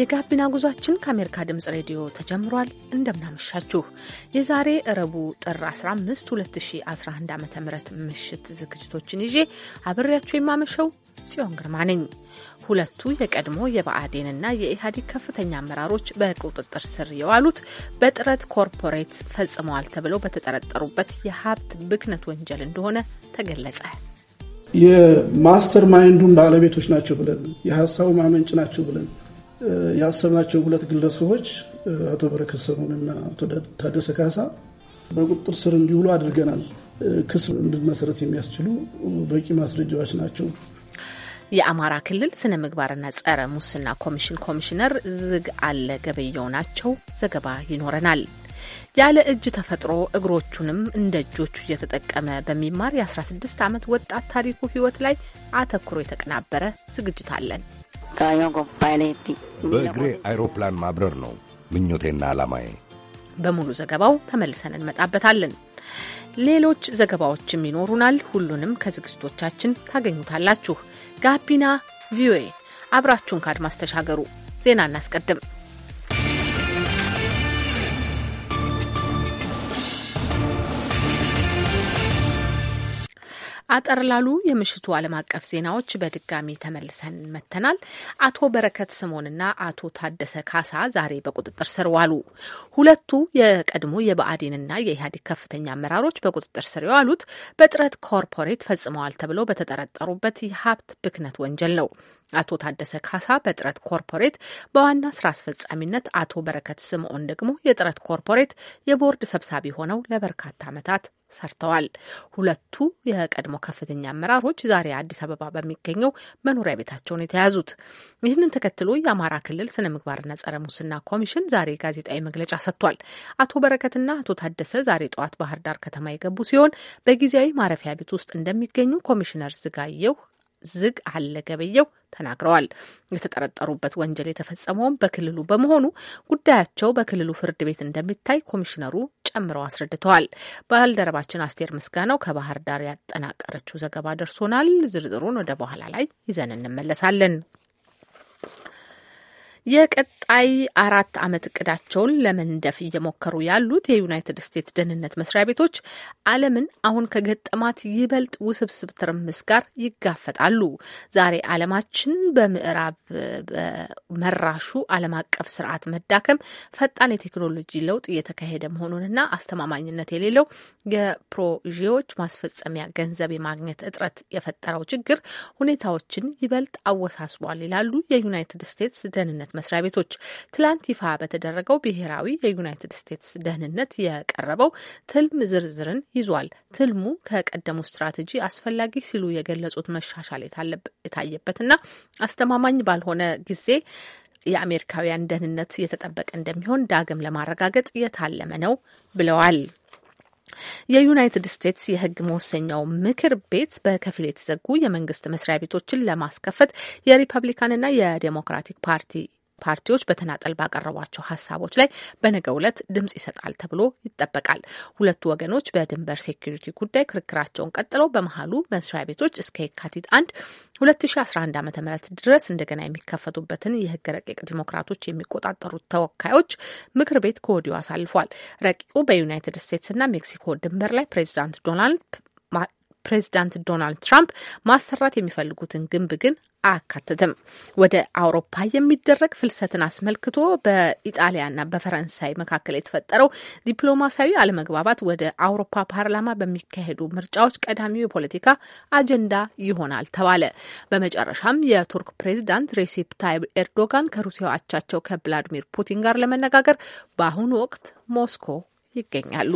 የጋቢና ጉዟችን ከአሜሪካ ድምጽ ሬዲዮ ተጀምሯል። እንደምናመሻችሁ የዛሬ እረቡ ጥር 15 2011 ዓ ም ምሽት ዝግጅቶችን ይዤ አብሬያችሁ የማመሸው ጽዮን ግርማ ነኝ። ሁለቱ የቀድሞ የብአዴንና የኢህአዴግ ከፍተኛ አመራሮች በቁጥጥር ስር የዋሉት በጥረት ኮርፖሬት ፈጽመዋል ተብለው በተጠረጠሩበት የሀብት ብክነት ወንጀል እንደሆነ ተገለጸ። የማስተር ማይንዱን ባለቤቶች ናቸው ብለን የሀሳቡ ማመንጭ ናቸው ብለን ያሰብናቸውን ሁለት ግለሰቦች አቶ በረከት ሰሞንና አቶ ታደሰ ካሳ በቁጥር ስር እንዲውሉ አድርገናል። ክስ እንድመሰረት የሚያስችሉ በቂ ማስረጃዎች ናቸው። የአማራ ክልል ስነ ምግባርና ጸረ ሙስና ኮሚሽን ኮሚሽነር ዝግ አለ ገበየው ናቸው። ዘገባ ይኖረናል። ያለ እጅ ተፈጥሮ እግሮቹንም እንደ እጆቹ እየተጠቀመ በሚማር የ16 ዓመት ወጣት ታሪኩ ህይወት ላይ አተኩሮ የተቀናበረ ዝግጅት አለን። በእግሬ አይሮፕላን ማብረር ነው ምኞቴና አላማዬ። በሙሉ ዘገባው ተመልሰን እንመጣበታለን። ሌሎች ዘገባዎችም ይኖሩናል። ሁሉንም ከዝግጅቶቻችን ታገኙታላችሁ። ጋቢና ቪኦኤ፣ አብራችሁን ከአድማስ ተሻገሩ። ዜና እናስቀድም። አጠር ላሉ የምሽቱ ዓለም አቀፍ ዜናዎች በድጋሚ ተመልሰን መተናል። አቶ በረከት ስምኦንና አቶ ታደሰ ካሳ ዛሬ በቁጥጥር ስር ዋሉ። ሁለቱ የቀድሞ የብአዴንና የኢህአዴግ ከፍተኛ አመራሮች በቁጥጥር ስር የዋሉት በጥረት ኮርፖሬት ፈጽመዋል ተብለው በተጠረጠሩበት የሀብት ብክነት ወንጀል ነው። አቶ ታደሰ ካሳ በጥረት ኮርፖሬት በዋና ስራ አስፈጻሚነት፣ አቶ በረከት ስምዖን ደግሞ የጥረት ኮርፖሬት የቦርድ ሰብሳቢ ሆነው ለበርካታ ዓመታት ሰርተዋል። ሁለቱ የቀድሞ ከፍተኛ አመራሮች ዛሬ አዲስ አበባ በሚገኘው መኖሪያ ቤታቸውን የተያዙት። ይህንን ተከትሎ የአማራ ክልል ስነ ምግባርና ጸረ ሙስና ኮሚሽን ዛሬ ጋዜጣዊ መግለጫ ሰጥቷል። አቶ በረከትና አቶ ታደሰ ዛሬ ጠዋት ባህር ዳር ከተማ የገቡ ሲሆን በጊዜያዊ ማረፊያ ቤት ውስጥ እንደሚገኙ ኮሚሽነር ዝጋየው ዝግ አለ ገበየው ተናግረዋል። የተጠረጠሩበት ወንጀል የተፈጸመውም በክልሉ በመሆኑ ጉዳያቸው በክልሉ ፍርድ ቤት እንደሚታይ ኮሚሽነሩ ጨምረው አስረድተዋል። ባልደረባችን አስቴር ምስጋናው ከባህር ዳር ያጠናቀረችው ዘገባ ደርሶናል። ዝርዝሩን ወደ በኋላ ላይ ይዘን እንመለሳለን። የቀጣይ አራት ዓመት እቅዳቸውን ለመንደፍ እየሞከሩ ያሉት የዩናይትድ ስቴትስ ደህንነት መስሪያ ቤቶች ዓለምን አሁን ከገጠማት ይበልጥ ውስብስብ ትርምስ ጋር ይጋፈጣሉ። ዛሬ ዓለማችን በምዕራብ መራሹ ዓለም አቀፍ ስርዓት መዳከም ፈጣን የቴክኖሎጂ ለውጥ እየተካሄደ መሆኑንና አስተማማኝነት የሌለው የፕሮዤዎች ማስፈጸሚያ ገንዘብ የማግኘት እጥረት የፈጠረው ችግር ሁኔታዎችን ይበልጥ አወሳስቧል ይላሉ የዩናይትድ ስቴትስ ደህንነት መስሪያ ቤቶች ትላንት ይፋ በተደረገው ብሔራዊ የዩናይትድ ስቴትስ ደህንነት የቀረበው ትልም ዝርዝርን ይዟል። ትልሙ ከቀደሙ ስትራቴጂ አስፈላጊ ሲሉ የገለጹት መሻሻል የታየበትና አስተማማኝ ባልሆነ ጊዜ የአሜሪካውያን ደህንነት የተጠበቀ እንደሚሆን ዳግም ለማረጋገጥ የታለመ ነው ብለዋል። የዩናይትድ ስቴትስ የሕግ መወሰኛው ምክር ቤት በከፊል የተዘጉ የመንግስት መስሪያ ቤቶችን ለማስከፈት የሪፐብሊካንና የዴሞክራቲክ ፓርቲ ፓርቲዎች በተናጠል ባቀረቧቸው ሀሳቦች ላይ በነገ ዕለት ድምጽ ይሰጣል ተብሎ ይጠበቃል። ሁለቱ ወገኖች በድንበር ሴኩሪቲ ጉዳይ ክርክራቸውን ቀጥለው በመሀሉ መስሪያ ቤቶች እስከ የካቲት አንድ 2011 ዓ ም ድረስ እንደገና የሚከፈቱበትን የህግ ረቂቅ ዲሞክራቶች የሚቆጣጠሩት ተወካዮች ምክር ቤት ከወዲሁ አሳልፏል። ረቂቁ በዩናይትድ ስቴትስና ሜክሲኮ ድንበር ላይ ፕሬዚዳንት ዶናልድ ፕሬዚዳንት ዶናልድ ትራምፕ ማሰራት የሚፈልጉትን ግንብ ግን አያካትትም። ወደ አውሮፓ የሚደረግ ፍልሰትን አስመልክቶ በኢጣሊያና በፈረንሳይ መካከል የተፈጠረው ዲፕሎማሲያዊ አለመግባባት ወደ አውሮፓ ፓርላማ በሚካሄዱ ምርጫዎች ቀዳሚው የፖለቲካ አጀንዳ ይሆናል ተባለ። በመጨረሻም የቱርክ ፕሬዚዳንት ሬሲፕ ታይብ ኤርዶጋን ከሩሲያው አቻቸው ከቭላዲሚር ፑቲን ጋር ለመነጋገር በአሁኑ ወቅት ሞስኮ ይገኛሉ።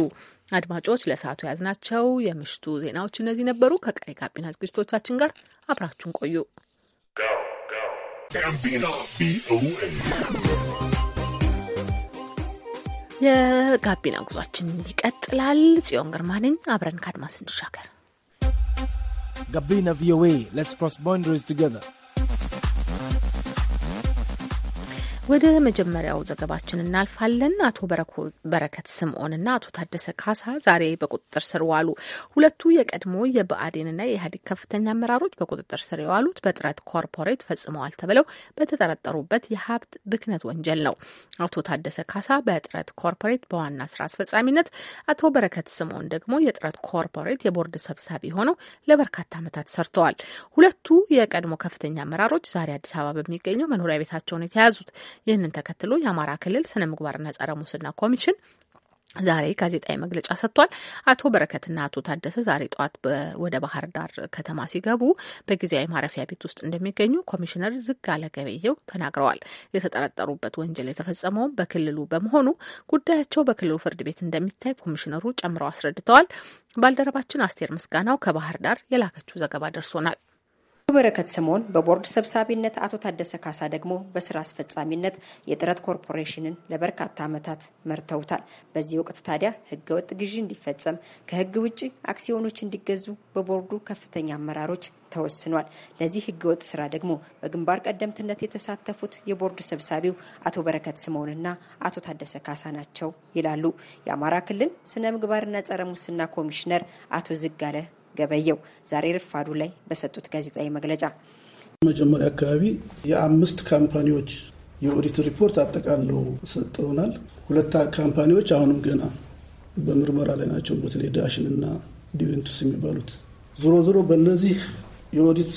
አድማጮች ለሰዓቱ የያዝናቸው የምሽቱ ዜናዎች እነዚህ ነበሩ። ከቀሪ ጋቢና ዝግጅቶቻችን ጋር አብራችሁን ቆዩ። የጋቢና ጉዟችን ይቀጥላል። ጽዮን ግርማ ነኝ። አብረን ከአድማስ እንሻገር። ጋቢና ቪኦኤ ሌትስ ክሮስ ባውንደሪስ ቱጌዘር ወደ መጀመሪያው ዘገባችን እናልፋለን። አቶ በረከት ስምዖንና አቶ ታደሰ ካሳ ዛሬ በቁጥጥር ስር ዋሉ። ሁለቱ የቀድሞ የብአዴንና የኢህአዴግ ከፍተኛ አመራሮች በቁጥጥር ስር የዋሉት በጥረት ኮርፖሬት ፈጽመዋል ተብለው በተጠረጠሩበት የሀብት ብክነት ወንጀል ነው። አቶ ታደሰ ካሳ በጥረት ኮርፖሬት በዋና ስራ አስፈጻሚነት፣ አቶ በረከት ስምዖን ደግሞ የጥረት ኮርፖሬት የቦርድ ሰብሳቢ ሆነው ለበርካታ ዓመታት ሰርተዋል። ሁለቱ የቀድሞ ከፍተኛ አመራሮች ዛሬ አዲስ አበባ በሚገኘው መኖሪያ ቤታቸውን የተያዙት ይህንን ተከትሎ የአማራ ክልል ስነ ምግባርና ጸረ ሙስና ኮሚሽን ዛሬ ጋዜጣዊ መግለጫ ሰጥቷል። አቶ በረከትና አቶ ታደሰ ዛሬ ጠዋት ወደ ባህር ዳር ከተማ ሲገቡ በጊዜያዊ ማረፊያ ቤት ውስጥ እንደሚገኙ ኮሚሽነር ዝግ አለገበየው ተናግረዋል። የተጠረጠሩበት ወንጀል የተፈጸመውን በክልሉ በመሆኑ ጉዳያቸው በክልሉ ፍርድ ቤት እንደሚታይ ኮሚሽነሩ ጨምረው አስረድተዋል። ባልደረባችን አስቴር ምስጋናው ከባህር ዳር የላከችው ዘገባ ደርሶናል። በረከት ስምኦን በቦርድ ሰብሳቢነት፣ አቶ ታደሰ ካሳ ደግሞ በስራ አስፈጻሚነት የጥረት ኮርፖሬሽንን ለበርካታ ዓመታት መርተውታል። በዚህ ወቅት ታዲያ ህገወጥ ግዢ እንዲፈጸም፣ ከህግ ውጭ አክሲዮኖች እንዲገዙ በቦርዱ ከፍተኛ አመራሮች ተወስኗል። ለዚህ ህገወጥ ስራ ደግሞ በግንባር ቀደምትነት የተሳተፉት የቦርድ ሰብሳቢው አቶ በረከት ስምኦንና አቶ ታደሰ ካሳ ናቸው ይላሉ የአማራ ክልል ስነ ምግባርና ጸረ ሙስና ኮሚሽነር አቶ ዝጋለ ገበየው ዛሬ ርፋዱ ላይ በሰጡት ጋዜጣዊ መግለጫ መጀመሪያ አካባቢ የአምስት ካምፓኒዎች የኦዲት ሪፖርት አጠቃለው ሰጠውናል። ሁለት ካምፓኒዎች አሁንም ገና በምርመራ ላይ ናቸው። በተለይ ዳሽን እና ዲቬንቱስ የሚባሉት ዞሮ ዞሮ በእነዚህ የኦዲት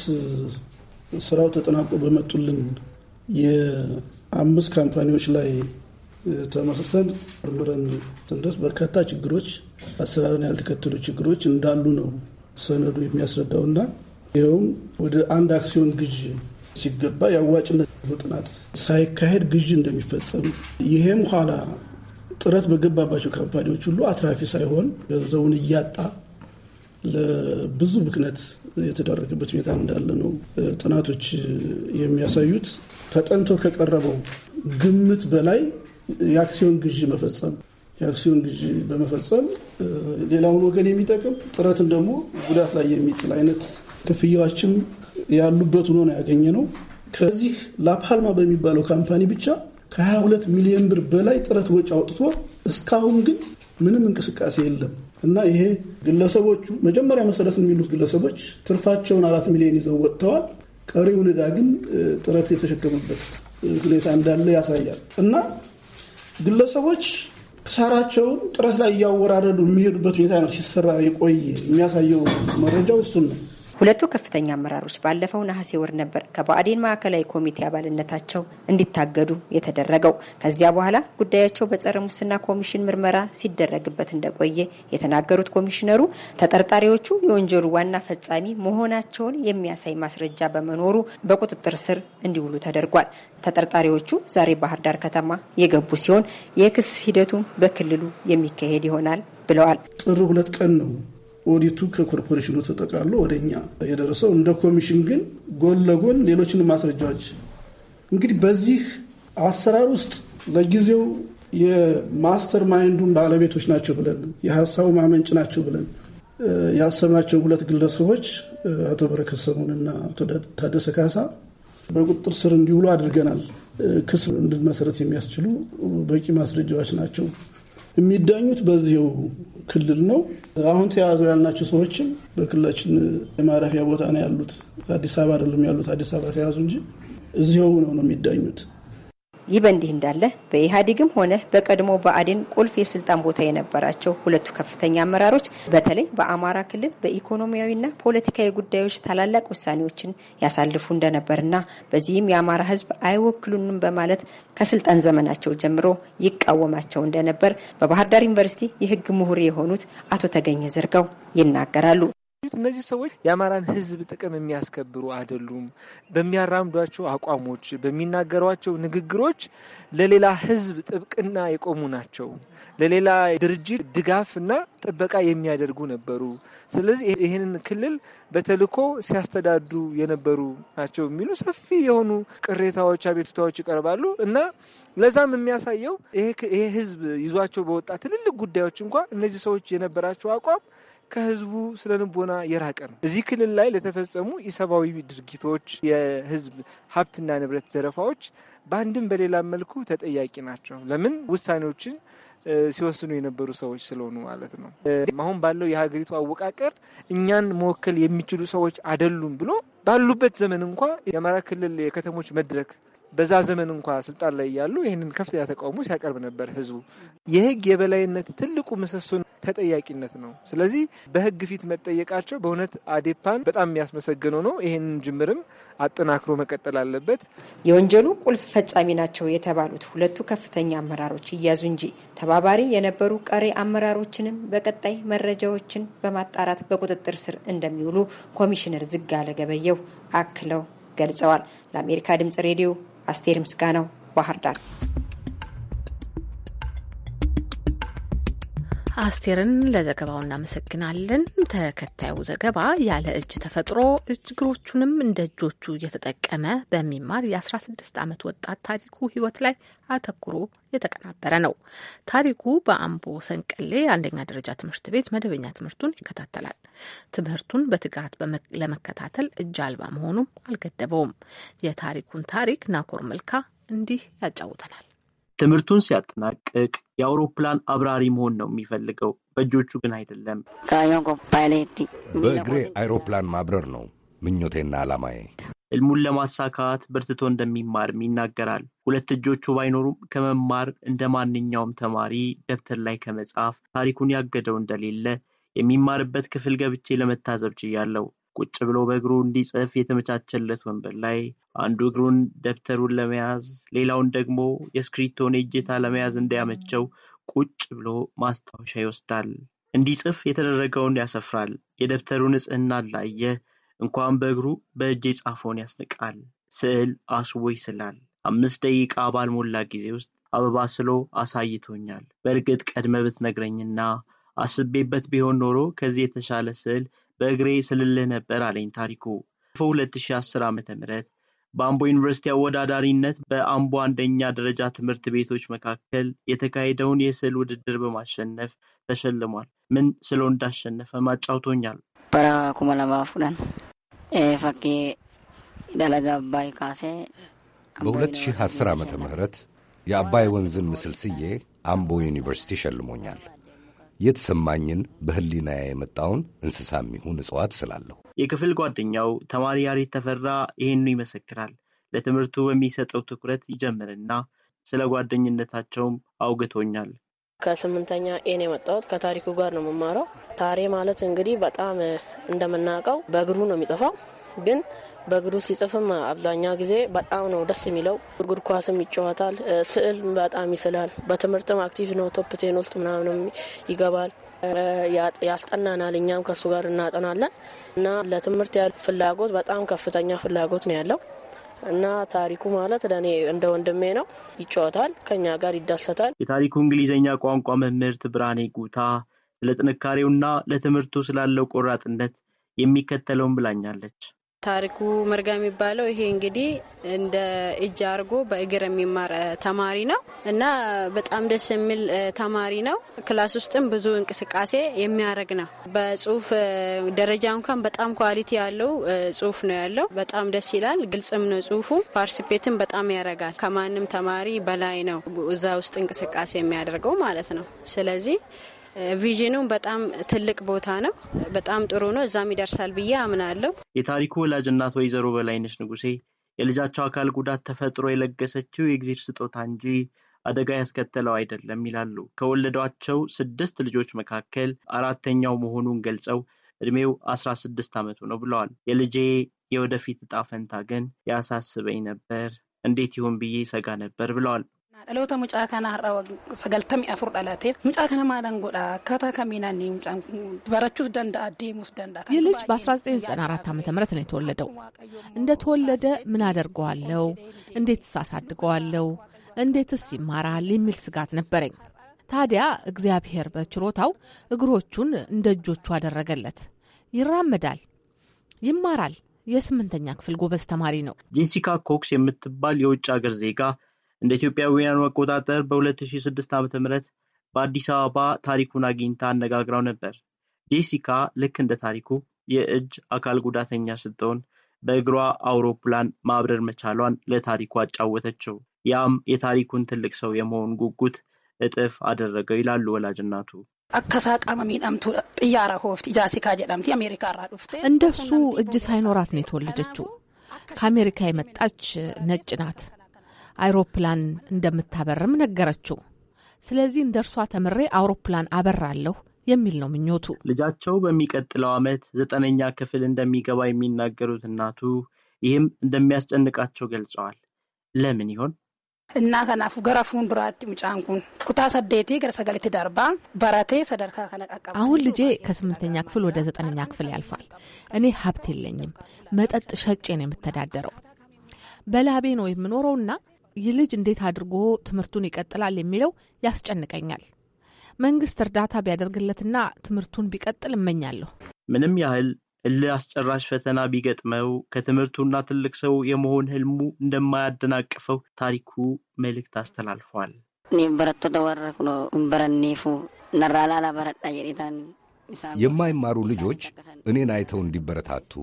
ስራው ተጠናቆ በመጡልን የአምስት ካምፓኒዎች ላይ ተመስርተን ምርምረን ስንደርስ በርካታ ችግሮች፣ አሰራርን ያልተከተሉ ችግሮች እንዳሉ ነው ሰነዱ የሚያስረዳውና ይኸውም ወደ አንድ አክሲዮን ግዥ ሲገባ የአዋጭነት ጥናት ሳይካሄድ ግዥ እንደሚፈጸም ይሄም ኋላ ጥረት በገባባቸው ካምፓኒዎች ሁሉ አትራፊ ሳይሆን ገንዘቡን እያጣ ለብዙ ብክነት የተዳረገበት ሁኔታ እንዳለ ነው ጥናቶች የሚያሳዩት። ተጠንቶ ከቀረበው ግምት በላይ የአክሲዮን ግዥ መፈጸም የአክሲዮን ግዢ በመፈጸም ሌላውን ወገን የሚጠቅም ጥረትን ደግሞ ጉዳት ላይ የሚጥል አይነት ክፍያዎችም ያሉበት ሆኖ ነው ያገኘ ነው። ከዚህ ላፓልማ በሚባለው ካምፓኒ ብቻ ከ22 ሚሊዮን ብር በላይ ጥረት ወጪ አውጥቶ እስካሁን ግን ምንም እንቅስቃሴ የለም እና ይሄ ግለሰቦቹ መጀመሪያ መሰረት የሚሉት ግለሰቦች ትርፋቸውን አራት ሚሊዮን ይዘው ወጥተዋል። ቀሪውን ዕዳ ግን ጥረት የተሸከሙበት ሁኔታ እንዳለ ያሳያል እና ግለሰቦች ሳራቸውን ጥረት ላይ እያወራረዱ የሚሄዱበት ሁኔታ ነው ሲሰራ የቆየ የሚያሳየው መረጃ እሱን ነው። ሁለቱ ከፍተኛ አመራሮች ባለፈው ነሐሴ ወር ነበር ከባዕዴን ማዕከላዊ ኮሚቴ አባልነታቸው እንዲታገዱ የተደረገው። ከዚያ በኋላ ጉዳያቸው በጸረ ሙስና ኮሚሽን ምርመራ ሲደረግበት እንደቆየ የተናገሩት ኮሚሽነሩ ተጠርጣሪዎቹ የወንጀሉ ዋና ፈጻሚ መሆናቸውን የሚያሳይ ማስረጃ በመኖሩ በቁጥጥር ስር እንዲውሉ ተደርጓል። ተጠርጣሪዎቹ ዛሬ ባህር ዳር ከተማ የገቡ ሲሆን የክስ ሂደቱ በክልሉ የሚካሄድ ይሆናል ብለዋል። ጥር ሁለት ቀን ነው ኦዲቱ ከኮርፖሬሽኑ ተጠቃሎ ወደ እኛ የደረሰው። እንደ ኮሚሽን ግን ጎን ለጎን ሌሎችን ማስረጃዎች እንግዲህ በዚህ አሰራር ውስጥ ለጊዜው የማስተር ማይንዱን ባለቤቶች ናቸው ብለን የሀሳቡ ማመንጭ ናቸው ብለን ያሰብናቸው ሁለት ግለሰቦች አቶ በረከት ሰሞንና አቶ ታደሰ ካሳ በቁጥር ስር እንዲውሉ አድርገናል። ክስ እንድንመሰረት የሚያስችሉ በቂ ማስረጃዎች ናቸው። የሚዳኙት በዚሁ ክልል ነው። አሁን ተያዘው ያልናቸው ሰዎችም በክልላችን የማረፊያ ቦታ ነው ያሉት። አዲስ አበባ አይደለም ያሉት። አዲስ አበባ ተያዙ እንጂ እዚው ነው ነው የሚዳኙት። ይህ በእንዲህ እንዳለ በኢህአዴግም ሆነ በቀድሞ በአዴን ቁልፍ የስልጣን ቦታ የነበራቸው ሁለቱ ከፍተኛ አመራሮች በተለይ በአማራ ክልል በኢኮኖሚያዊና ፖለቲካዊ ጉዳዮች ታላላቅ ውሳኔዎችን ያሳልፉ እንደነበርና በዚህም የአማራ ሕዝብ አይወክሉንም በማለት ከስልጣን ዘመናቸው ጀምሮ ይቃወማቸው እንደነበር በባህር ዳር ዩኒቨርሲቲ የሕግ ምሁር የሆኑት አቶ ተገኘ ዘርጋው ይናገራሉ። እነዚህ ሰዎች የአማራን ህዝብ ጥቅም የሚያስከብሩ አይደሉም። በሚያራምዷቸው አቋሞች፣ በሚናገሯቸው ንግግሮች ለሌላ ህዝብ ጥብቅና የቆሙ ናቸው። ለሌላ ድርጅት ድጋፍና ጥበቃ የሚያደርጉ ነበሩ። ስለዚህ ይህንን ክልል በተልዕኮ ሲያስተዳዱ የነበሩ ናቸው የሚሉ ሰፊ የሆኑ ቅሬታዎች፣ አቤቱታዎች ይቀርባሉ እና ለዛም የሚያሳየው ይሄ ህዝብ ይዟቸው በወጣ ትልልቅ ጉዳዮች እንኳ እነዚህ ሰዎች የነበራቸው አቋም ከህዝቡ ስነ ልቦና የራቀ ነው። እዚህ ክልል ላይ ለተፈጸሙ ኢሰብአዊ ድርጊቶች፣ የህዝብ ሀብትና ንብረት ዘረፋዎች በአንድም በሌላ መልኩ ተጠያቂ ናቸው። ለምን ውሳኔዎችን ሲወስኑ የነበሩ ሰዎች ስለሆኑ ማለት ነው። አሁን ባለው የሀገሪቱ አወቃቀር እኛን መወከል የሚችሉ ሰዎች አይደሉም ብሎ ባሉበት ዘመን እንኳ የአማራ ክልል የከተሞች መድረክ በዛ ዘመን እንኳ ስልጣን ላይ እያሉ ይህንን ከፍተኛ ተቃውሞ ሲያቀርብ ነበር ህዝቡ። የህግ የበላይነት ትልቁ ምሰሶን ተጠያቂነት ነው። ስለዚህ በህግ ፊት መጠየቃቸው በእውነት አዴፓን በጣም የሚያስመሰግነው ነው። ይህንን ጅምርም አጠናክሮ መቀጠል አለበት። የወንጀሉ ቁልፍ ፈጻሚ ናቸው የተባሉት ሁለቱ ከፍተኛ አመራሮች እያዙ እንጂ ተባባሪ የነበሩ ቀሪ አመራሮችንም በቀጣይ መረጃዎችን በማጣራት በቁጥጥር ስር እንደሚውሉ ኮሚሽነር ዝጋለ ገበየው አክለው ገልጸዋል። ለአሜሪካ ድምጽ ሬዲዮ አስቴር ምስጋናው ባህር ዳር አስቴርን ለዘገባው እናመሰግናለን። ተከታዩ ዘገባ ያለ እጅ ተፈጥሮ እግሮቹንም እንደ እጆቹ እየተጠቀመ በሚማር የ16 ዓመት ወጣት ታሪኩ ህይወት ላይ አተኩሮ የተቀናበረ ነው። ታሪኩ በአምቦ ሰንቀሌ አንደኛ ደረጃ ትምህርት ቤት መደበኛ ትምህርቱን ይከታተላል። ትምህርቱን በትጋት ለመከታተል እጅ አልባ መሆኑም አልገደበውም። የታሪኩን ታሪክ ናኮር መልካ እንዲህ ያጫውተናል። ትምህርቱን ሲያጠናቅቅ የአውሮፕላን አብራሪ መሆን ነው የሚፈልገው። በእጆቹ ግን አይደለም። በእግሬ አይሮፕላን ማብረር ነው ምኞቴና አላማዬ። እልሙን ለማሳካት በርትቶ እንደሚማርም ይናገራል። ሁለት እጆቹ ባይኖሩም ከመማር እንደ ማንኛውም ተማሪ ደብተር ላይ ከመጻፍ ታሪኩን ያገደው እንደሌለ የሚማርበት ክፍል ገብቼ ለመታዘብ ችያለሁ። ቁጭ ብሎ በእግሩ እንዲጽፍ የተመቻቸለት ወንበር ላይ አንዱ እግሩን ደብተሩን ለመያዝ ሌላውን ደግሞ የስክሪቶን እጀታ ለመያዝ እንዳያመቸው ቁጭ ብሎ ማስታወሻ ይወስዳል። እንዲጽፍ የተደረገውን ያሰፍራል። የደብተሩ ንጽህና ላየ እንኳን በእግሩ በእጅ የጻፈውን ያስንቃል። ስዕል አስቦ ይስላል። አምስት ደቂቃ ባልሞላ ጊዜ ውስጥ አበባ ስሎ አሳይቶኛል። በእርግጥ ቀድመ ብትነግረኝና አስቤበት ቢሆን ኖሮ ከዚህ የተሻለ ስዕል በእግሬ ስልልህ ነበር አለኝ ታሪኩ። ባለፈው 2010 ዓ ም በአምቦ ዩኒቨርሲቲ አወዳዳሪነት በአምቦ አንደኛ ደረጃ ትምህርት ቤቶች መካከል የተካሄደውን የስዕል ውድድር በማሸነፍ ተሸልሟል። ምን ስለው እንዳሸነፈ ማጫውቶኛል። በራ ኩመ ለማ ፈኬ ደለጋ አባይ ካሴ በ2010 ዓ ም የአባይ ወንዝን ምስል ስዬ አምቦ ዩኒቨርሲቲ ሸልሞኛል። የተሰማኝን በህሊና የመጣውን እንስሳ የሚሆን እጽዋት ስላለሁ። የክፍል ጓደኛው ተማሪ ያሬት ተፈራ ይህኑ ይመሰክራል። ለትምህርቱ በሚሰጠው ትኩረት ይጀምርና ስለ ጓደኝነታቸውም አውግቶኛል። ከስምንተኛ ኤን የመጣሁት ከታሪኩ ጋር ነው የምማረው። ታሬ ማለት እንግዲህ በጣም እንደምናውቀው በእግሩ ነው የሚጠፋው ግን በእግሩ ሲጽፍም አብዛኛ ጊዜ በጣም ነው ደስ የሚለው። እግር ኳስም ይጫወታል፣ ስዕል በጣም ይስላል። በትምህርትም አክቲቭ ነው። ቴን ውስጥ ምናምንም ይገባል። ያስጠናናል፣ እኛም ከሱ ጋር እናጠናለን እና ለትምህርት ያ ፍላጎት በጣም ከፍተኛ ፍላጎት ነው ያለው እና ታሪኩ ማለት ለእኔ እንደ ወንድሜ ነው። ይጫወታል፣ ከኛ ጋር ይደሰታል። የታሪኩ እንግሊዝኛ ቋንቋ መምህርት ብርሃኔ ጉታ ለጥንካሬውና ለትምህርቱ ስላለው ቆራጥነት የሚከተለውን ብላኛለች። ታሪኩ መርጋ የሚባለው ይሄ እንግዲህ እንደ እጅ አድርጎ በእግር የሚማር ተማሪ ነው እና በጣም ደስ የሚል ተማሪ ነው። ክላስ ውስጥም ብዙ እንቅስቃሴ የሚያደርግ ነው። በጽሁፍ ደረጃ እንኳን በጣም ኳሊቲ ያለው ጽሁፍ ነው ያለው። በጣም ደስ ይላል። ግልጽም ነው ጽሁፉ። ፓርቲሲፔትን በጣም ያደርጋል። ከማንም ተማሪ በላይ ነው እዛ ውስጥ እንቅስቃሴ የሚያደርገው ማለት ነው። ስለዚህ ቪዥኑም በጣም ትልቅ ቦታ ነው። በጣም ጥሩ ነው። እዛም ይደርሳል ብዬ አምናለሁ። የታሪኩ ወላጅ እናት ወይዘሮ በላይነሽ ንጉሴ የልጃቸው አካል ጉዳት ተፈጥሮ የለገሰችው የእግዜር ስጦታ እንጂ አደጋ ያስከተለው አይደለም ይላሉ። ከወለዷቸው ስድስት ልጆች መካከል አራተኛው መሆኑን ገልጸው እድሜው አስራ ስድስት ዓመቱ ነው ብለዋል። የልጄ የወደፊት እጣ ፈንታ ግን ያሳስበኝ ነበር፣ እንዴት ይሁን ብዬ ሰጋ ነበር ብለዋል። Dhaloota mucaa kanaa har'a sagaltamii afur dhalateef mucaa kana maalan godha akkaataa kamiinaan mucaan barachuuf danda'a deemuuf danda'a. ይህ ልጅ በ1994 ዓ ም ነው የተወለደው። እንደተወለደ ምን አደርገዋለው፣ እንዴትስ አሳድገዋለው፣ እንዴትስ ይማራል የሚል ስጋት ነበረኝ። ታዲያ እግዚአብሔር በችሮታው እግሮቹን እንደ እጆቹ አደረገለት። ይራመዳል፣ ይማራል። የስምንተኛ ክፍል ጎበዝ ተማሪ ነው። ጄሲካ ኮክስ የምትባል የውጭ ሀገር ዜጋ እንደ ኢትዮጵያውያኑ አቆጣጠር በ2006 ዓ.ም በአዲስ አበባ ታሪኩን አግኝታ አነጋግራው ነበር። ጄሲካ ልክ እንደ ታሪኩ የእጅ አካል ጉዳተኛ ስትሆን በእግሯ አውሮፕላን ማብረር መቻሏን ለታሪኩ አጫወተችው። ያም የታሪኩን ትልቅ ሰው የመሆን ጉጉት እጥፍ አደረገው ይላሉ ወላጅናቱ። እንደሱ እጅ ሳይኖራት ነው የተወለደችው። ከአሜሪካ የመጣች ነጭ ናት። አይሮፕላን እንደምታበርም ነገረችው። ስለዚህ እንደ እርሷ ተምሬ አውሮፕላን አበራለሁ የሚል ነው ምኞቱ። ልጃቸው በሚቀጥለው ዓመት ዘጠነኛ ክፍል እንደሚገባ የሚናገሩት እናቱ ይህም እንደሚያስጨንቃቸው ገልጸዋል። ለምን ይሆን? እና ከናፉ ገረፉን ዱራቲ ምጫንኩን ኩታ ሰዴቴ ገረሰገሊት ዳርባ በራቴ ሰደርካ ከነቃቃ አሁን ልጄ ከስምንተኛ ክፍል ወደ ዘጠነኛ ክፍል ያልፋል። እኔ ሀብት የለኝም። መጠጥ ሸጬ ነው የምተዳደረው። በላቤ ነው የምኖረውና ይህ ልጅ እንዴት አድርጎ ትምህርቱን ይቀጥላል የሚለው ያስጨንቀኛል። መንግስት እርዳታ ቢያደርግለትና ትምህርቱን ቢቀጥል እመኛለሁ። ምንም ያህል እልህ አስጨራሽ ፈተና ቢገጥመው ከትምህርቱና ትልቅ ሰው የመሆን ህልሙ እንደማያደናቅፈው ታሪኩ መልእክት አስተላልፏል። የማይማሩ ልጆች እኔን አይተው እንዲበረታቱ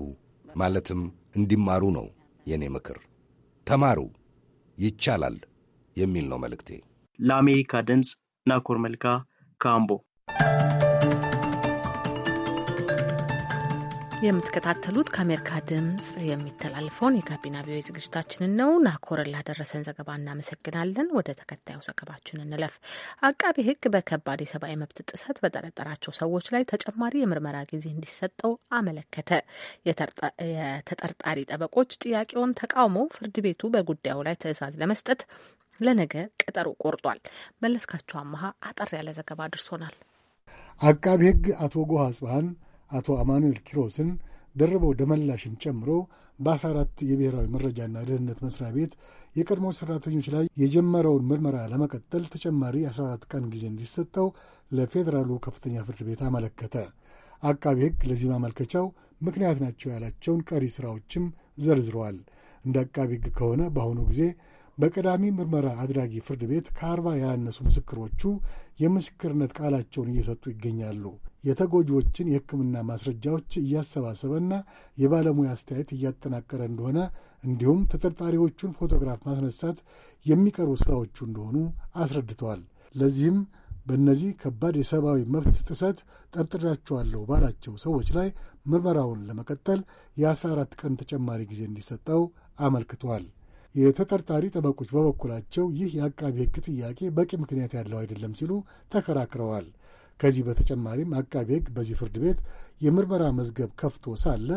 ማለትም እንዲማሩ ነው የእኔ ምክር። ተማሩ ይቻላል የሚል ነው መልእክቴ። ለአሜሪካ ድምፅ ናኮር መልካ ካምቦ የምትከታተሉት ከአሜሪካ ድምጽ የሚተላለፈውን የጋቢና ቪኦኤ ዝግጅታችንን ነው። ናኮረን ላደረሰን ዘገባ እናመሰግናለን። ወደ ተከታዩ ዘገባችን እንለፍ። አቃቢ ሕግ በከባድ የሰብአዊ መብት ጥሰት በጠረጠራቸው ሰዎች ላይ ተጨማሪ የምርመራ ጊዜ እንዲሰጠው አመለከተ። የተጠርጣሪ ጠበቆች ጥያቄውን ተቃውሞ ፍርድ ቤቱ በጉዳዩ ላይ ትዕዛዝ ለመስጠት ለነገ ቀጠሮ ቆርጧል። መለስካቸው አመሀ አጠር ያለ ዘገባ አድርሶናል። አቃቢ ሕግ አቶ ጎህ አጽባሃን አቶ አማኑኤል ኪሮስን ደርበው ደመላሽን ጨምሮ በአስራ አራት የብሔራዊ መረጃና ደህንነት መስሪያ ቤት የቀድሞ ሠራተኞች ላይ የጀመረውን ምርመራ ለመቀጠል ተጨማሪ 14 ቀን ጊዜ እንዲሰጠው ለፌዴራሉ ከፍተኛ ፍርድ ቤት አመለከተ። አቃቢ ሕግ ለዚህ ማመልከቻው ምክንያት ናቸው ያላቸውን ቀሪ ሥራዎችም ዘርዝረዋል። እንደ አቃቢ ሕግ ከሆነ በአሁኑ ጊዜ በቀዳሚ ምርመራ አድራጊ ፍርድ ቤት ከአርባ ያላነሱ ምስክሮቹ የምስክርነት ቃላቸውን እየሰጡ ይገኛሉ። የተጎጂዎችን የሕክምና ማስረጃዎች እያሰባሰበና የባለሙያ አስተያየት እያጠናቀረ እንደሆነ እንዲሁም ተጠርጣሪዎቹን ፎቶግራፍ ማስነሳት የሚቀርቡ ሥራዎቹ እንደሆኑ አስረድተዋል። ለዚህም በእነዚህ ከባድ የሰብአዊ መብት ጥሰት ጠርጥሬያቸዋለሁ ባላቸው ሰዎች ላይ ምርመራውን ለመቀጠል የ14 ቀን ተጨማሪ ጊዜ እንዲሰጠው አመልክቷል። የተጠርጣሪ ጠበቆች በበኩላቸው ይህ የአቃቢ ሕግ ጥያቄ በቂ ምክንያት ያለው አይደለም ሲሉ ተከራክረዋል። ከዚህ በተጨማሪም አቃቤ ሕግ በዚህ ፍርድ ቤት የምርመራ መዝገብ ከፍቶ ሳለ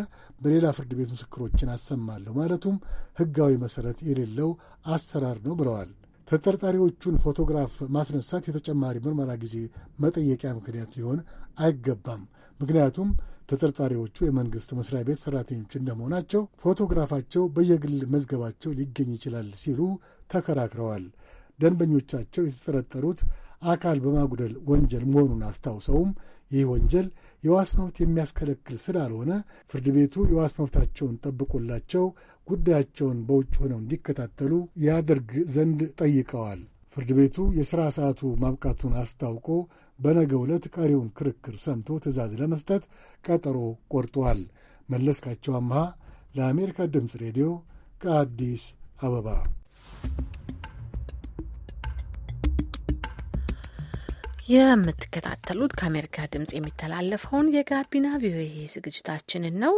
በሌላ ፍርድ ቤት ምስክሮችን አሰማለሁ ማለቱም ሕጋዊ መሠረት የሌለው አሰራር ነው ብለዋል። ተጠርጣሪዎቹን ፎቶግራፍ ማስነሳት የተጨማሪ ምርመራ ጊዜ መጠየቂያ ምክንያት ሊሆን አይገባም። ምክንያቱም ተጠርጣሪዎቹ የመንግሥት መስሪያ ቤት ሠራተኞች እንደመሆናቸው ፎቶግራፋቸው በየግል መዝገባቸው ሊገኝ ይችላል ሲሉ ተከራክረዋል። ደንበኞቻቸው የተጠረጠሩት አካል በማጉደል ወንጀል መሆኑን አስታውሰውም ይህ ወንጀል የዋስ መብት የሚያስከለክል ስላልሆነ ፍርድ ቤቱ የዋስ መብታቸውን ጠብቆላቸው ጉዳያቸውን በውጭ ሆነው እንዲከታተሉ ያደርግ ዘንድ ጠይቀዋል። ፍርድ ቤቱ የሥራ ሰዓቱ ማብቃቱን አስታውቆ በነገ ዕለት ቀሪውን ክርክር ሰምቶ ትዕዛዝ ለመስጠት ቀጠሮ ቆርጧል። መለስካቸው አምሃ ለአሜሪካ ድምፅ ሬዲዮ ከአዲስ አበባ የምትከታተሉት ከአሜሪካ ድምጽ የሚተላለፈውን የጋቢና ቪኦኤ ዝግጅታችንን ነው።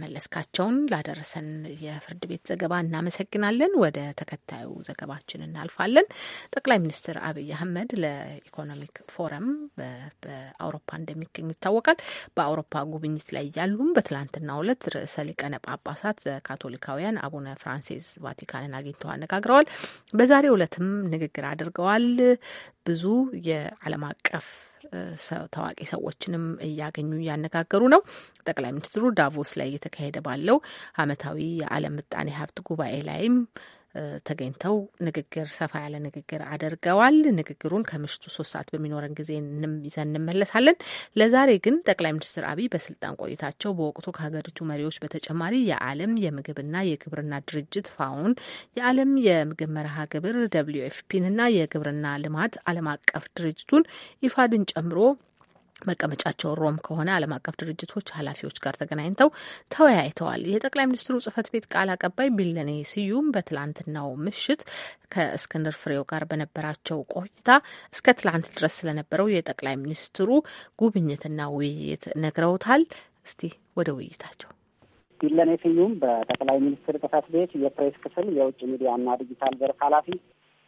መለስካቸውን ላደረሰን የፍርድ ቤት ዘገባ እናመሰግናለን። ወደ ተከታዩ ዘገባችን እናልፋለን። ጠቅላይ ሚኒስትር አብይ አህመድ ለኢኮኖሚክ ፎረም በአውሮፓ እንደሚገኙ ይታወቃል። በአውሮፓ ጉብኝት ላይ ያሉም በትላንትናው ዕለት ርዕሰ ሊቀነ ጳጳሳት ዘካቶሊካውያን አቡነ ፍራንሲስ ቫቲካንን አግኝተው አነጋግረዋል። በዛሬው ዕለትም ንግግር አድርገዋል። ብዙ የዓለም አቀፍ ታዋቂ ሰዎችንም እያገኙ እያነጋገሩ ነው። ጠቅላይ ሚኒስትሩ ዳቮስ ላይ እየተካሄደ ባለው ዓመታዊ የዓለም ምጣኔ ሀብት ጉባኤ ላይም ተገኝተው ንግግር ሰፋ ያለ ንግግር አድርገዋል። ንግግሩን ከምሽቱ ሶስት ሰዓት በሚኖረን ጊዜ ይዘን እንመለሳለን። ለዛሬ ግን ጠቅላይ ሚኒስትር አብይ በስልጣን ቆይታቸው በወቅቱ ከሀገሪቱ መሪዎች በተጨማሪ የዓለም የምግብና የግብርና ድርጅት ፋውን፣ የዓለም የምግብ መርሃ ግብር ደብሊዩ የግብርና ልማት ዓለም አቀፍ ድርጅቱን ኢፋድን ጨምሮ መቀመጫቸው ሮም ከሆነ ዓለም አቀፍ ድርጅቶች ኃላፊዎች ጋር ተገናኝተው ተወያይተዋል። የጠቅላይ ሚኒስትሩ ጽህፈት ቤት ቃል አቀባይ ቢለኔ ስዩም በትላንትናው ምሽት ከእስክንድር ፍሬው ጋር በነበራቸው ቆይታ እስከ ትላንት ድረስ ስለነበረው የጠቅላይ ሚኒስትሩ ጉብኝትና ውይይት ነግረውታል። እስቲ ወደ ውይይታቸው። ቢለኔ ስዩም በጠቅላይ ሚኒስትር ጽህፈት ቤት የፕሬስ ክፍል የውጭ ሚዲያና ዲጂታል ዘርፍ ኃላፊ፣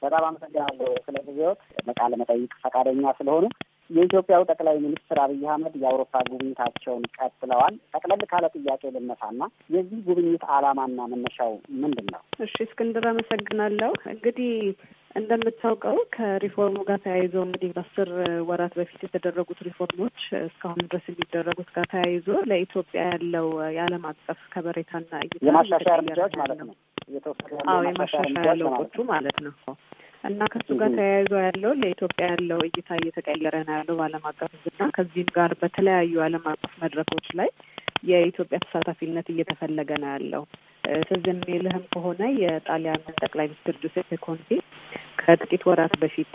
በጣም አመሰግናለሁ ስለ ጊዜዎት ለቃለ መጠይቅ ፈቃደኛ ስለሆኑ የኢትዮጵያው ጠቅላይ ሚኒስትር አብይ አህመድ የአውሮፓ ጉብኝታቸውን ቀጥለዋል። ጠቅለል ካለ ጥያቄ ልነሳና የዚህ ጉብኝት ዓላማና መነሻው ምንድን ነው? እሺ እስክንድር አመሰግናለሁ። እንግዲህ እንደምታውቀው ከሪፎርሙ ጋር ተያይዞ እንግዲህ በአስር ወራት በፊት የተደረጉት ሪፎርሞች እስካሁን ድረስ የሚደረጉት ጋር ተያይዞ ለኢትዮጵያ ያለው የዓለም አቀፍ ከበሬታና እይታ የማሻሻያ እርምጃዎች ማለት ነው። አዎ የማሻሻያ ለውጦቹ ማለት ነው። እና ከሱ ጋር ተያይዞ ያለው ለኢትዮጵያ ያለው እይታ እየተቀየረ ነው ያለው በዓለም አቀፍ ዝና። ከዚህም ጋር በተለያዩ ዓለም አቀፍ መድረኮች ላይ የኢትዮጵያ ተሳታፊነት እየተፈለገ ነው ያለው። ትዝ የሚልህም ከሆነ የጣሊያን ጠቅላይ ሚኒስትር ጁሴፔ ኮንቲ ከጥቂት ወራት በፊት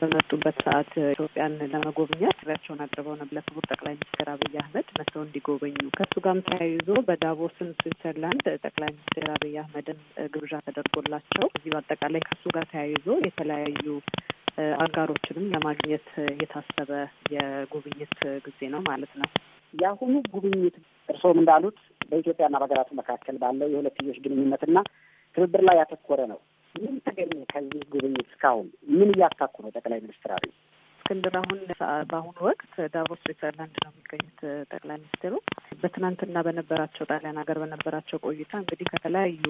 በመጡበት ሰዓት ኢትዮጵያን ለመጎብኘት ጥሪያቸውን አቅርበው ነበር ለክቡር ጠቅላይ ሚኒስትር አብይ አህመድ መጥተው እንዲጎበኙ። ከእሱ ጋርም ተያይዞ በዳቮስም ስዊትዘርላንድ ጠቅላይ ሚኒስትር አብይ አህመድን ግብዣ ተደርጎላቸው እዚሁ አጠቃላይ ከእሱ ጋር ተያይዞ የተለያዩ አጋሮችንም ለማግኘት የታሰበ የጉብኝት ጊዜ ነው ማለት ነው። የአሁኑ ጉብኝት እርስዎም እንዳሉት በኢትዮጵያና በሀገራቱ መካከል ባለው የሁለትዮሽ ግንኙነትና ትብብር ላይ ያተኮረ ነው። ምን ተገኘ ከዚህ ጉብኝት? እስካሁን ምን እያሳኩ ነው ጠቅላይ ሚኒስትር አብይ? እስክንድር አሁን በአሁኑ ወቅት ዳቮስ ስዊትዘርላንድ ነው የሚገኙት ጠቅላይ ሚኒስትሩ። በትናንትና በነበራቸው ጣሊያን ሀገር በነበራቸው ቆይታ እንግዲህ ከተለያዩ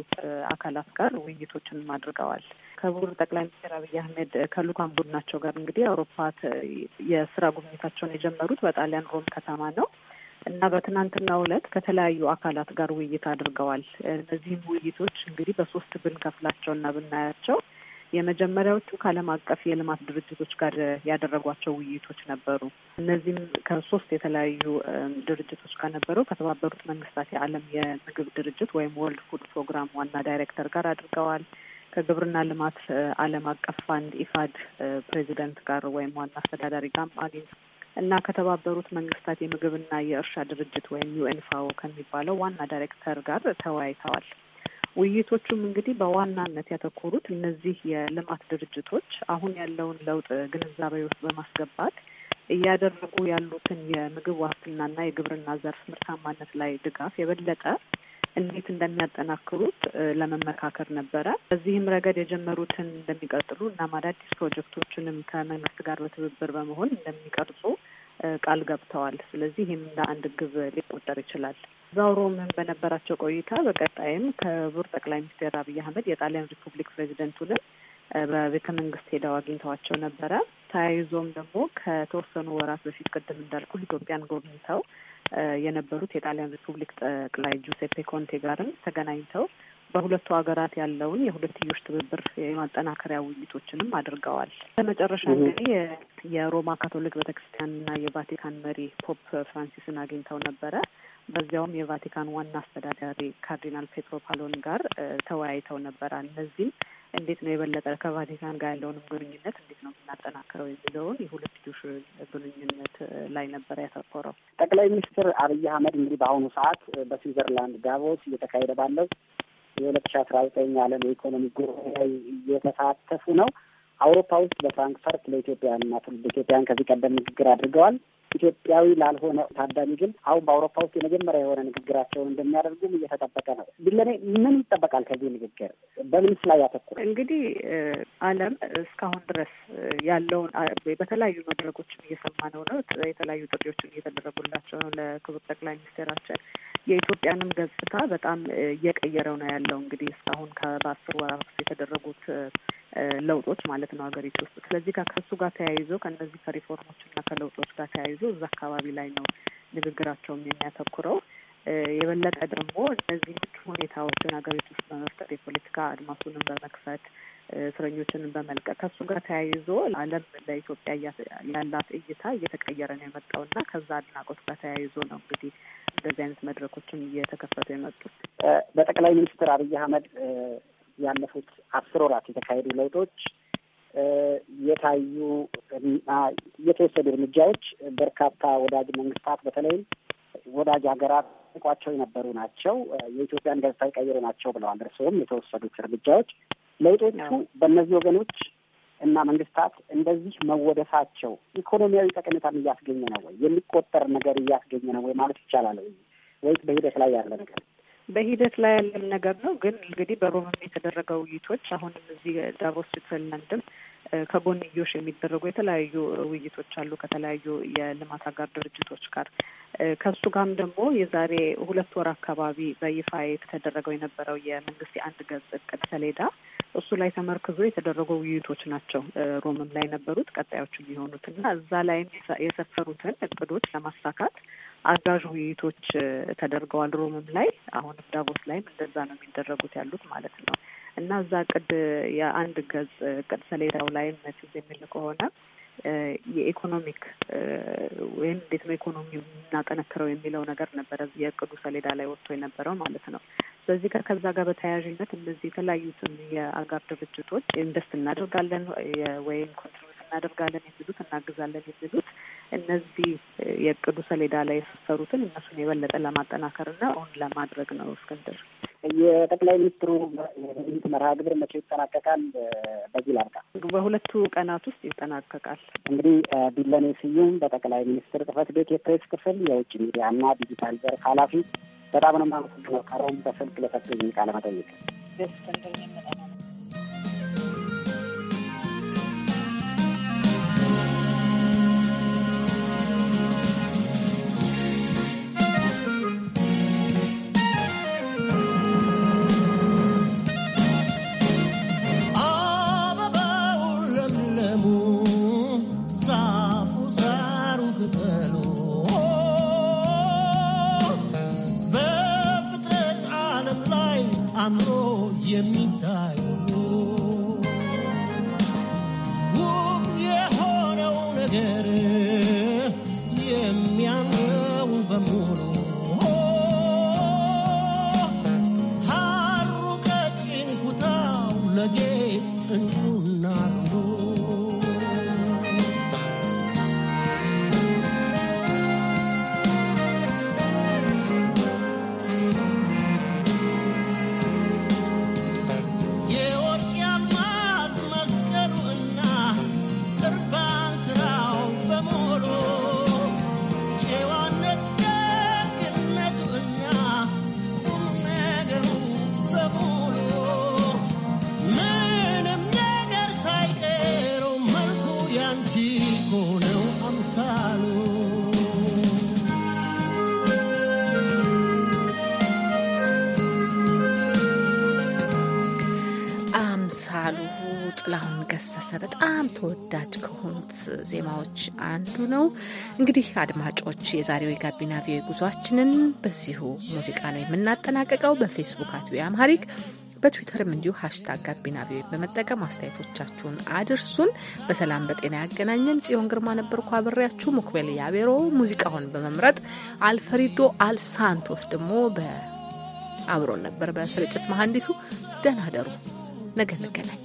አካላት ጋር ውይይቶችንም አድርገዋል። ከቡር ጠቅላይ ሚኒስትር አብይ አህመድ ከልኡካን ቡድናቸው ጋር እንግዲህ አውሮፓ የስራ ጉብኝታቸውን የጀመሩት በጣሊያን ሮም ከተማ ነው። እና በትናንትናው ዕለት ከተለያዩ አካላት ጋር ውይይት አድርገዋል። እነዚህም ውይይቶች እንግዲህ በሶስት ብንከፍላቸውና ብናያቸው የመጀመሪያዎቹ ከዓለም አቀፍ የልማት ድርጅቶች ጋር ያደረጓቸው ውይይቶች ነበሩ። እነዚህም ከሶስት የተለያዩ ድርጅቶች ጋር ነበሩ። ከተባበሩት መንግስታት የዓለም የምግብ ድርጅት ወይም ወርልድ ፉድ ፕሮግራም ዋና ዳይሬክተር ጋር አድርገዋል። ከግብርና ልማት ዓለም አቀፍ ፋንድ ኢፋድ ፕሬዚደንት ጋር ወይም ዋና አስተዳዳሪ ጋር አግኝተው እና ከተባበሩት መንግስታት የምግብና የእርሻ ድርጅት ወይም ዩኤንፋኦ ከሚባለው ዋና ዳይሬክተር ጋር ተወያይተዋል። ውይይቶቹም እንግዲህ በዋናነት ያተኮሩት እነዚህ የልማት ድርጅቶች አሁን ያለውን ለውጥ ግንዛቤ ውስጥ በማስገባት እያደረጉ ያሉትን የምግብ ዋስትናና የግብርና ዘርፍ ምርታማነት ላይ ድጋፍ የበለጠ እንዴት እንደሚያጠናክሩት ለመመካከር ነበረ። በዚህም ረገድ የጀመሩትን እንደሚቀጥሉ እና አዳዲስ ፕሮጀክቶችንም ከመንግስት ጋር በትብብር በመሆን እንደሚቀርጹ ቃል ገብተዋል። ስለዚህ ይህም እንደ አንድ ግብ ሊቆጠር ይችላል። እዛው ሮምም በነበራቸው ቆይታ በቀጣይም ከቡር ጠቅላይ ሚኒስትር አብይ አህመድ የጣሊያን ሪፑብሊክ ፕሬዚደንቱንም በቤተ መንግስት ሄደው አግኝተዋቸው ነበረ። ተያይዞም ደግሞ ከተወሰኑ ወራት በፊት ቅድም እንዳልኩ ኢትዮጵያን ጎብኝተው የነበሩት የጣሊያን ሪፑብሊክ ጠቅላይ ጁሴፔ ኮንቴ ጋርም ተገናኝተው በሁለቱ ሀገራት ያለውን የሁለትዮሽ ትብብር የማጠናከሪያ ውይይቶችንም አድርገዋል። ለመጨረሻ እንግዲህ የሮማ ካቶሊክ ቤተክርስቲያንና የቫቲካን መሪ ፖፕ ፍራንሲስን አግኝተው ነበረ። በዚያውም የቫቲካን ዋና አስተዳዳሪ ካርዲናል ፔትሮ ፓሎን ጋር ተወያይተው ነበረ። እነዚህም እንዴት ነው የበለጠ ከቫቲካን ጋር ያለውንም ግንኙነት እንዴት ነው የምናጠናክረው የሚለውን የሁለትዮሽ ግንኙነት ላይ ነበረ ያተኮረው። ጠቅላይ ሚኒስትር አብይ አህመድ እንግዲህ በአሁኑ ሰዓት በስዊዘርላንድ ዳቮስ እየተካሄደ ባለው የሁለት ሺ አስራ ዘጠኝ ዓለም የኢኮኖሚ ጉባኤ ላይ እየተሳተፉ ነው። አውሮፓ ውስጥ በፍራንክፈርት ለኢትዮጵያውያንና ትውልድ ኢትዮጵያን ከዚህ ቀደም ንግግር አድርገዋል። ኢትዮጵያዊ ላልሆነ ታዳሚ ግን አሁን በአውሮፓ ውስጥ የመጀመሪያ የሆነ ንግግራቸውን እንደሚያደርጉም እየተጠበቀ ነው። ለኔ ምን ይጠበቃል ከዚህ ንግግር? በምንስ ላይ ያተኩር? እንግዲህ ዓለም እስካሁን ድረስ ያለውን በተለያዩ መድረኮችን እየሰማ ነው ነው የተለያዩ ጥሪዎችን እየተደረጉላቸው ነው ለክቡር ጠቅላይ ሚኒስቴራችን የኢትዮጵያንም ገጽታ በጣም እየቀየረው ነው ያለው እንግዲህ እስካሁን በአስር ወራት ውስጥ የተደረጉት ለውጦች ማለት ነው ሀገሪቱ ውስጥ። ስለዚህ ከሱ ጋር ተያይዞ ከእነዚህ ከሪፎርሞችና ከለውጦች ጋር ተያይዞ እዛ አካባቢ ላይ ነው ንግግራቸውም የሚያተኩረው። የበለጠ ደግሞ እነዚህ ሁኔታዎችን ሀገሪቱ ውስጥ በመፍጠር የፖለቲካ አድማሱንም በመክፈት እስረኞችን በመልቀቅ ከሱ ጋር ተያይዞ ዓለም ለኢትዮጵያ ያላት እይታ እየተቀየረ ነው የመጣውና ከዛ አድናቆት ጋር ተያይዞ ነው እንግዲህ እንደዚህ አይነት መድረኮችም እየተከፈቱ የመጡት። በጠቅላይ ሚኒስትር አብይ አህመድ ያለፉት አስር ወራት የተካሄዱ ለውጦች የታዩ እና የተወሰዱ እርምጃዎች በርካታ ወዳጅ መንግስታት በተለይም ወዳጅ ሀገራት ቋቸው የነበሩ ናቸው፣ የኢትዮጵያን ገጽታ የቀየሩ ናቸው ብለዋል። እርስዎም የተወሰዱት እርምጃዎች ለውጦቹ በእነዚህ ወገኖች እና መንግስታት እንደዚህ መወደሳቸው ኢኮኖሚያዊ ጠቀሜታም እያስገኘ ነው ወይ የሚቆጠር ነገር እያስገኘ ነው ወይ ማለት ይቻላል ወይ ወይስ በሂደት ላይ ያለ ነገር በሂደት ላይ ያለም ነገር ነው። ግን እንግዲህ በሮምም የተደረገ ውይይቶች አሁንም እዚህ ዳቮስ ስዊትዘርላንድም ከጎንዮሽ የሚደረጉ የተለያዩ ውይይቶች አሉ ከተለያዩ የልማት አጋር ድርጅቶች ጋር። ከሱ ጋርም ደግሞ የዛሬ ሁለት ወር አካባቢ በይፋ የተደረገው የነበረው የመንግስት የአንድ ገጽ እቅድ ሰሌዳ እሱ ላይ ተመርክዞ የተደረጉ ውይይቶች ናቸው። ሮምም ላይ ነበሩት ቀጣዮቹ እና እዛ ላይም የሰፈሩትን እቅዶች ለማሳካት አጋዥ ውይይቶች ተደርገዋል። ሮምም ላይ አሁንም ዳቦስ ላይም እንደዛ ነው የሚደረጉት ያሉት ማለት ነው እና እዛ ቅድ የአንድ ገጽ ቅድ ሰሌዳው ላይም መትዝ የሚል ከሆነ የኢኮኖሚክ ወይም እንዴት ነው ኢኮኖሚ የምናጠነክረው የሚለው ነገር ነበረ የእቅዱ ሰሌዳ ላይ ወጥቶ የነበረው ማለት ነው። በዚህ ጋር ከዛ ጋር በተያያዥነት እነዚህ የተለያዩትን የአጋር ድርጅቶች ኢንቨስት እናደርጋለን ወይም ኮንትሪቢዩት እናደርጋለን የሚሉት እናግዛለን የሚሉት እነዚህ የእቅዱ ሰሌዳ ላይ የሰፈሩትን እነሱን የበለጠ ለማጠናከር ለማጠናከርና እውን ለማድረግ ነው። እስክንድር፣ የጠቅላይ ሚኒስትሩ ት መርሃ ግብር መቼ ይጠናቀቃል? በዚህ ላርቃ በሁለቱ ቀናት ውስጥ ይጠናቀቃል። እንግዲህ ቢለኔ ስዩም በጠቅላይ ሚኒስትር ጽህፈት ቤት የፕሬስ ክፍል የውጭ ሚዲያና ዲጂታል ዘርፍ ኃላፊ በጣም ነው የማመሰግነው። ካሮም በስልክ ለሰጡኝ ቃለ መጠይቅ ተወዳጅ ከሆኑት ዜማዎች አንዱ ነው። እንግዲህ አድማጮች፣ የዛሬው የጋቢና ቪዮ ጉዟችንን በዚሁ ሙዚቃ ነው የምናጠናቀቀው። በፌስቡክ አት ቪኦኤ አምሃሪክ በትዊተርም እንዲሁ ሀሽታግ ጋቢና ቪኦኤ በመጠቀም አስተያየቶቻችሁን አድርሱን። በሰላም በጤና ያገናኘን። ጽዮን ግርማ ነበርኩ አብሬያችሁ። ሞክቤል ያቤሮ ሙዚቃውን በመምረጥ አልፈሪዶ አልሳንቶስ ደግሞ በአብሮን ነበር በስርጭት መሀንዲሱ። ደህና ደሩ። ነገ እንገናኝ።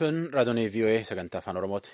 Dhaggeeffattoonni raadiyoo vii'oo'ee sagantaa afaan